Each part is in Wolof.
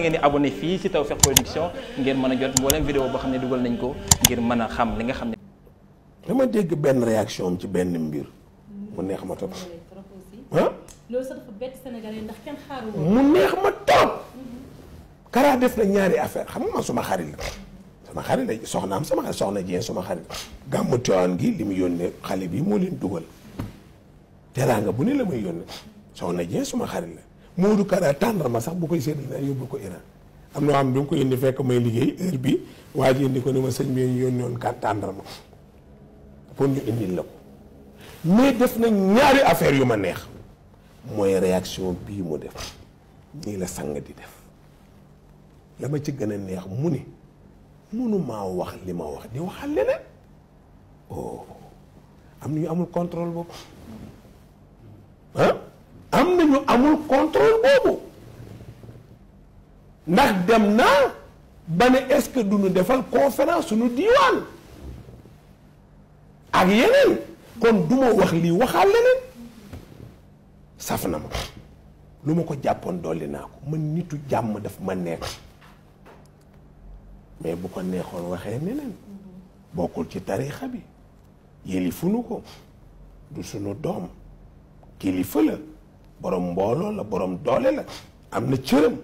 ngeen di abonné fii ci Tawfekh Production ngeen mën a jot mboolem vidéo boo xam ne dugal nañ ko ngir mën a xam li nga xam ne. dama dégg benn réaction ci benn mbir. mu neex ma trop. ah. Kara def na ñaari affaire xam nga suma xarit la. sama xarit la soxnaam sama soxna Dieng suma xarit. gàmmu Tiwaawan gi li mu yónnee xale bi moo leen dugal. teraanga bu ne la muy yónnee soxna Dieng suma xarit la. moo Modou Kara ma sax bu koy séddale naa yóbbu ko Iran am na xam ne bi mu ko indi fekk may liggéey heure bi waa ji indi ko ni ma sëñ bi ñu yónni woon kat tàndarma pour ñu la ko mais def na ñaari affaire yu ma neex mooy réaction bii mu def nii la sang di def la ma ci gën a neex mu ni mënumaa wax li ma wax di waxal leneen oh, am na ñu amul control boobu. am nañu amul contrôle boobu ndax dem naa ba ne est-ce que duñu defal conférence suñu diiwaan ak yeneen kon du ma wax lii waxaal leneen saf na ma lu ma ko jàppoon dolli naa ko man nitu jàmm daf ma neex mais bu ko neexoon waxee neneen bokkul ci tariixa bi yëlifunu ko du sunu doom kilifa la boroom mbooloo la boroom doole la am na cëram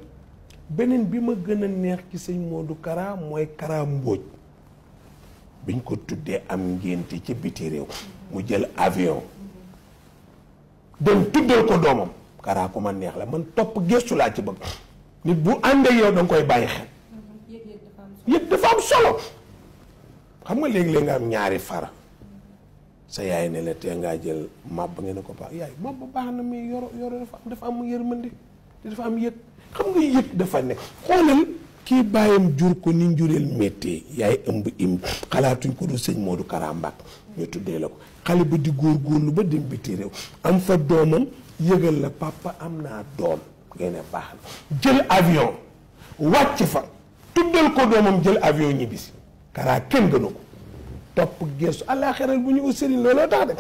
beneen bi ma gën a neex ci sëñ Modou karaa mooy Kara Mbóoj biñ ko tuddee am ngénte ci biti réew mu jël avion dem tuddal ko doomam Kara ku ma neex la man topp gëstu laa ci bëgg nit bu ànd yow da koy bàyyi xel yëg dafa am solo xam nga léegi-léeg nga am ñaari fara sa yaay ne la tee ngaa jël màbb ngeen ne ko baax yaay màbb baax na mais yoro yoro dafa am dafa am yërmande te dafa am yëg xam dafa nekk xoolal kii jur ko ni njureel méttee yaay ëmb im xalaatuñ ko du sëñ Modou Kara Mbacké ñu tuddee la ko xale ba di góorgóorlu ba dem biti réew am fa doomam yëgal la papa am naa doom ngeen ne baax na jël avion wàcc fa tuddal ko doomam jël avion ñibbisi Kara kenn gënu ko topp geesu àllaaxira bu ñu ut sëriñ looloo tax de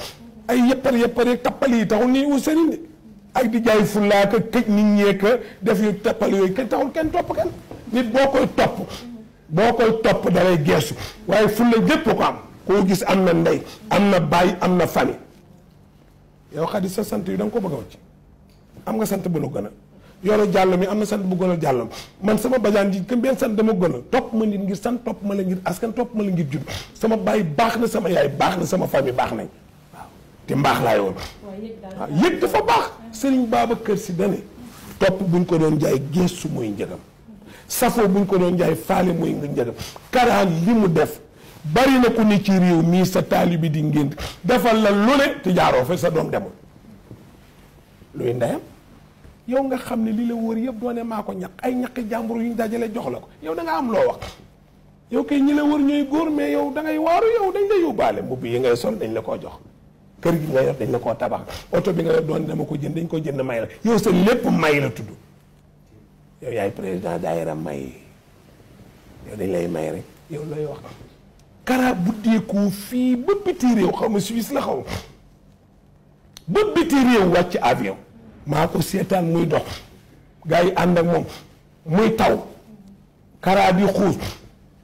ay yëppar yëppar yeeg tappal yi taxul ni ut sëriñ de ak di jaay fullaa ka këj nit ñee ka def yu tappal yooyu kenn taxul kenn topp kenn nit boo koy topp boo koy topp dalay geesu waaye fulla lépp ko am koo gis am na ndey am na baay am na famille yow xaddi sa sant yu da nga ko bëgg a wàcc am nga sant bu la gën a yoro jàll mi am na sant bu gënal jàll man sama bajaan ji këm benn sant dama gënal topp ma nit ngir sant topp ma la ngir askan topp ma la ngir jub sama baay baax na sama yaay baax na sama famille baax nañ te mbaax laay woon waaw yëg ah, dafa baax sëriñ Babacar Si dane topp buñ ko doon jaay geestu mooy njëgam safoo buñ ko doon jaay faale mooy njëgam karaan li mu def bari na ku ci réew mii sa taali bi di ngént defal la lu ne te jaaroo fa sa doom demul luy ndeyam yow nga xam ne li la wër yëpp doone maa ko ñaq ay ñaqi jàmbur yu ñu dajale jox la ko yow danga am loo wax yow kay ñi la wër ñooy góor mais yow da ngay waaru yow dañ la yóbbaale bi yi ngay sol dañ la koo jox kër gi nga yor dañ la koo tabax oto bi nga yor doon dama ko jën dañ ko jën may la yow sa lépp may la tudd yow yaay président daayira may yow dañ lay may rek yow lay wax kara buddeekoo fii ba biti réew xaw ma la xaw ma ba biti réew wàcc maa ko seetaan muy dox gars yi ànd ak moom muy taw karaa bi xuus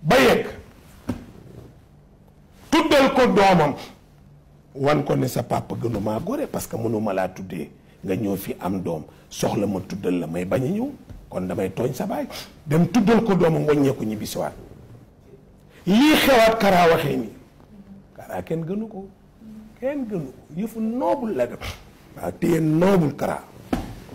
ba yegg tuddal ko doomam wan ko ne sa papa gënumaa gore parce que ma laa tuddee nga ñëw fi am doom soxla ma tuddal la may bañ a ñëw kon damay tooñ sa baay dem tuddal ko doomam waññeeku ñibbi siwaat lii xewaat karaa waxee nii karaa kenn gënu ko kenn gënu ko yëfu noobul la def waaw téye noobul karaa